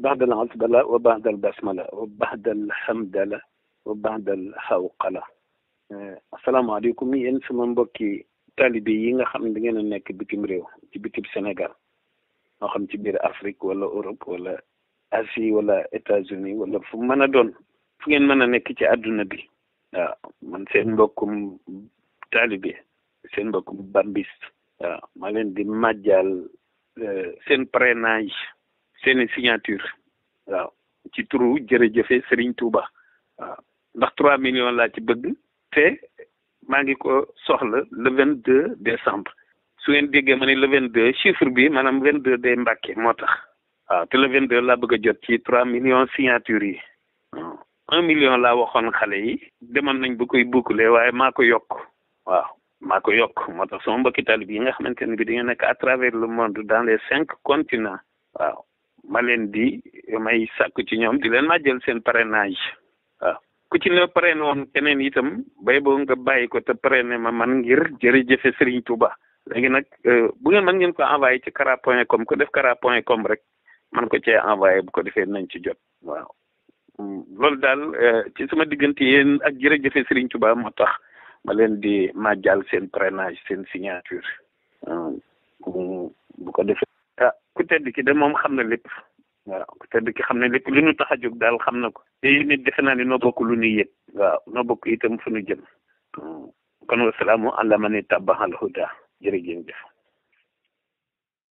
بعد العزبلاء وبعد البسملاء وبعد الحمدلاء وبعد الحوقلاء آه، السلام عليكم مين في من بكي طالبيين خم دينا نك بتمريو بتب سنغال خم تبير أفريقيا ولا أوروبا ولا آسيا ولا إتازوني ولا فما ندون فين ما نك تي أدنى بي من سين بكم طالبي سين بكم بامبيست ما لين دي مجال سين برينايش seeni signature waaw ci turu jërëjëfe Serigne Touba waaw ndax trois millions laa ci bëgg te maa ngi ko soxla le vingt deux décembre su ngeen déggee ma ne le vingt deux chiffre bi maanaam vingt deux day Mbàkke moo tax waaw te la vingt deux laa bëgg a jot ci trois millions signature yi waaw hmm. un million laa waxoon xale yi demoon nañ ba koy boucler waaye maa ko yokk waaw maa ko yokk moo tax sama mbokki talib yi nga xamante ne bi di nga nekk à travers le monde dans les cinq continents ma leen di may sàkku ci ñoom di leen ma jël seen parrainage waaw ku ci ne parrainé woon keneen itam bay boo nga bàyyi ko te parrainé ma man ngir jërëjëfe Serigne Touba léegi nag euh, bu ngeen mën ngeen ko envoyé ci kara point com ko def kara point com rek man ko cee envoyé bu ko defee nañ ci jot waaw loolu daal euh, ci sama diggante yéen ak jërëjëfe Serigne Touba moo tax ma leen di ma jàll seen parrainage seen signature tedd ki de moom xam na lépp waaw ku tedd ki xam na lépp li nu tax a jóg daal xam na ko te nit defe naa ne noo bokk lu nuy yëg waaw noo bokk itam fu nu jëm kon wasalaamu ala man ittabaha al huda jërëjëf